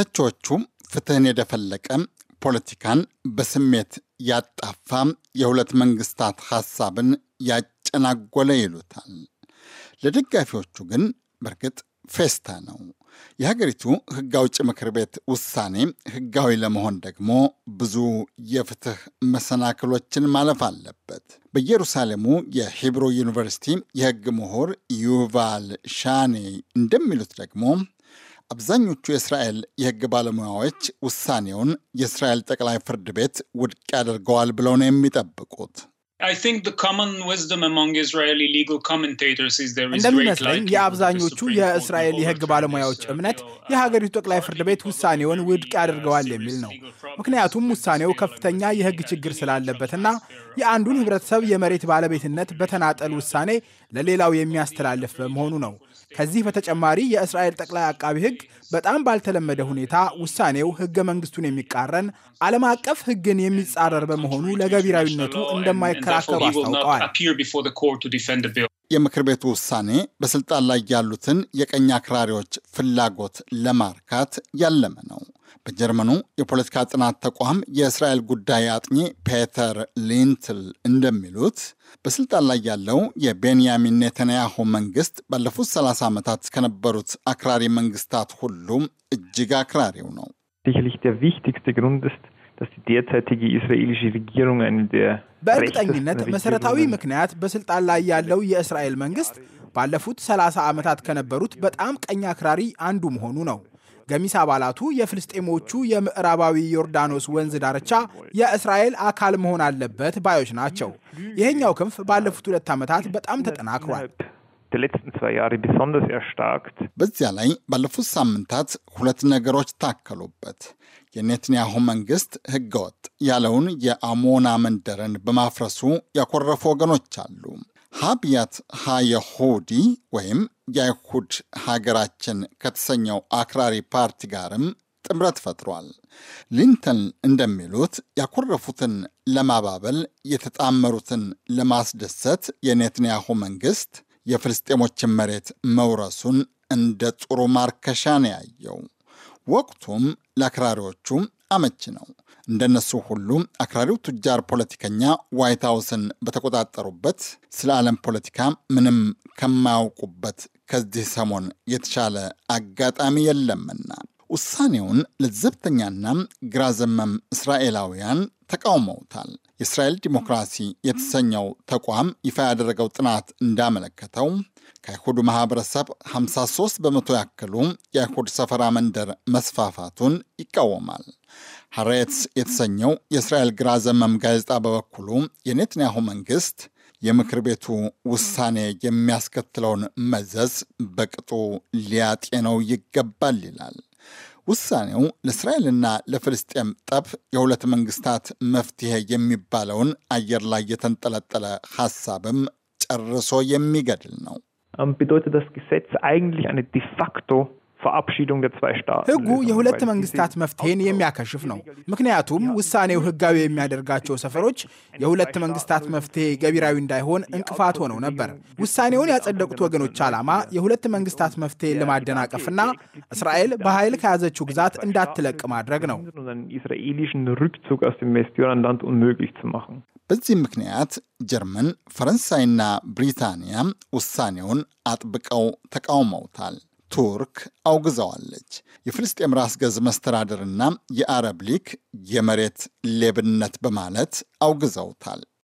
ተቺዎቹ ፍትህን የደፈለቀ ፖለቲካን በስሜት ያጣፋ የሁለት መንግስታት ሐሳብን ያጨናጎለ ይሉታል። ለደጋፊዎቹ ግን በእርግጥ ፌስታ ነው። የሀገሪቱ ህግ አውጭ ምክር ቤት ውሳኔ ህጋዊ ለመሆን ደግሞ ብዙ የፍትህ መሰናክሎችን ማለፍ አለበት። በኢየሩሳሌሙ የሂብሮ ዩኒቨርሲቲ የህግ ምሁር ዩቫል ሻኔ እንደሚሉት ደግሞ አብዛኞቹ የእስራኤል የህግ ባለሙያዎች ውሳኔውን የእስራኤል ጠቅላይ ፍርድ ቤት ውድቅ ያደርገዋል ብለው ነው የሚጠብቁት። እንደሚመስለኝ የአብዛኞቹ የእስራኤል የህግ ባለሙያዎች uh, እምነት uh, የሀገሪቱ ጠቅላይ ፍርድ ቤት ውሳኔውን ውድቅ ያደርገዋል የሚል uh, ነው። ምክንያቱም ውሳኔው ከፍተኛ የህግ ችግር ስላለበትና የአንዱን ህብረተሰብ የመሬት ባለቤትነት በተናጠል ውሳኔ ለሌላው የሚያስተላልፍ በመሆኑ ነው። ከዚህ በተጨማሪ የእስራኤል ጠቅላይ አቃቢ ህግ በጣም ባልተለመደ ሁኔታ ውሳኔው ህገ መንግስቱን የሚቃረን ዓለም አቀፍ ህግን የሚጻረር በመሆኑ ለገቢራዊነቱ እንደማይከ አስታውቀዋል። የምክር ቤቱ ውሳኔ በስልጣን ላይ ያሉትን የቀኝ አክራሪዎች ፍላጎት ለማርካት ያለመ ነው። በጀርመኑ የፖለቲካ ጥናት ተቋም የእስራኤል ጉዳይ አጥኚ ፔተር ሊንትል እንደሚሉት በስልጣን ላይ ያለው የቤንያሚን ኔተንያሁ መንግስት ባለፉት 30 ዓመታት ከነበሩት አክራሪ መንግስታት ሁሉም እጅግ አክራሪው ነው። dass die derzeitige israelische Regierung eine der በእርግጠኝነት መሰረታዊ ምክንያት በስልጣን ላይ ያለው የእስራኤል መንግስት ባለፉት 30 ዓመታት ከነበሩት በጣም ቀኝ አክራሪ አንዱ መሆኑ ነው። ገሚስ አባላቱ የፍልስጤሞቹ የምዕራባዊ ዮርዳኖስ ወንዝ ዳርቻ የእስራኤል አካል መሆን አለበት ባዮች ናቸው። ይሄኛው ክንፍ ባለፉት ሁለት ዓመታት በጣም ተጠናክሯል። der letzten zwei Jahre besonders erstarkt። በዚያ ላይ ባለፉት ሳምንታት ሁለት ነገሮች ታከሉበት። የኔትንያሁ መንግስት ህገወጥ ያለውን የአሞና መንደርን በማፍረሱ ያኮረፉ ወገኖች አሉ። ሀብያት ሀየሁዲ ወይም የአይሁድ ሀገራችን ከተሰኘው አክራሪ ፓርቲ ጋርም ጥምረት ፈጥሯል። ሊንተን እንደሚሉት ያኮረፉትን ለማባበል የተጣመሩትን ለማስደሰት የኔትንያሁ መንግስት የፍልስጤሞችን መሬት መውረሱን እንደ ጥሩ ማርከሻ ነው ያየው። ወቅቱም ለአክራሪዎቹ አመቺ ነው። እንደነሱ ሁሉ አክራሪው ቱጃር ፖለቲከኛ ዋይት በተቆጣጠሩበት ስለ ዓለም ፖለቲካ ምንም ከማያውቁበት ከዚህ ሰሞን የተሻለ አጋጣሚ የለምና ውሳኔውን ለዘብተኛና ግራ ዘመም እስራኤላውያን ተቃውመውታል። የእስራኤል ዲሞክራሲ የተሰኘው ተቋም ይፋ ያደረገው ጥናት እንዳመለከተው ከአይሁዱ ማህበረሰብ 53 በመቶ ያክሉ የአይሁድ ሰፈራ መንደር መስፋፋቱን ይቃወማል። ሐሬትስ የተሰኘው የእስራኤል ግራ ዘመም ጋዜጣ በበኩሉ የኔትንያሁ መንግስት የምክር ቤቱ ውሳኔ የሚያስከትለውን መዘዝ በቅጡ ሊያጤነው ይገባል ይላል። ውሳኔው ለእስራኤልና ለፍልስጤም ጠብ የሁለት መንግስታት መፍትሄ የሚባለውን አየር ላይ የተንጠለጠለ ሀሳብም ጨርሶ የሚገድል ነው። ፈአብሺዱን ህጉ የሁለት መንግስታት መፍትሄን የሚያከሽፍ ነው። ምክንያቱም ውሳኔው ህጋዊ የሚያደርጋቸው ሰፈሮች የሁለት መንግስታት መፍትሄ ገቢራዊ እንዳይሆን እንቅፋት ሆነው ነበር። ውሳኔውን ያጸደቁት ወገኖች ዓላማ የሁለት መንግስታት መፍትሄ ለማደናቀፍና እስራኤል በኃይል ከያዘችው ግዛት እንዳትለቅ ማድረግ ነው። በዚህም ምክንያት ጀርመን፣ ፈረንሳይና ብሪታንያ ውሳኔውን አጥብቀው ተቃውመውታል። ቱርክ አውግዘዋለች። የፍልስጤም ራስ ገዝ መስተዳድርና የአረብ ሊግ የመሬት ሌብነት በማለት አውግዘውታል።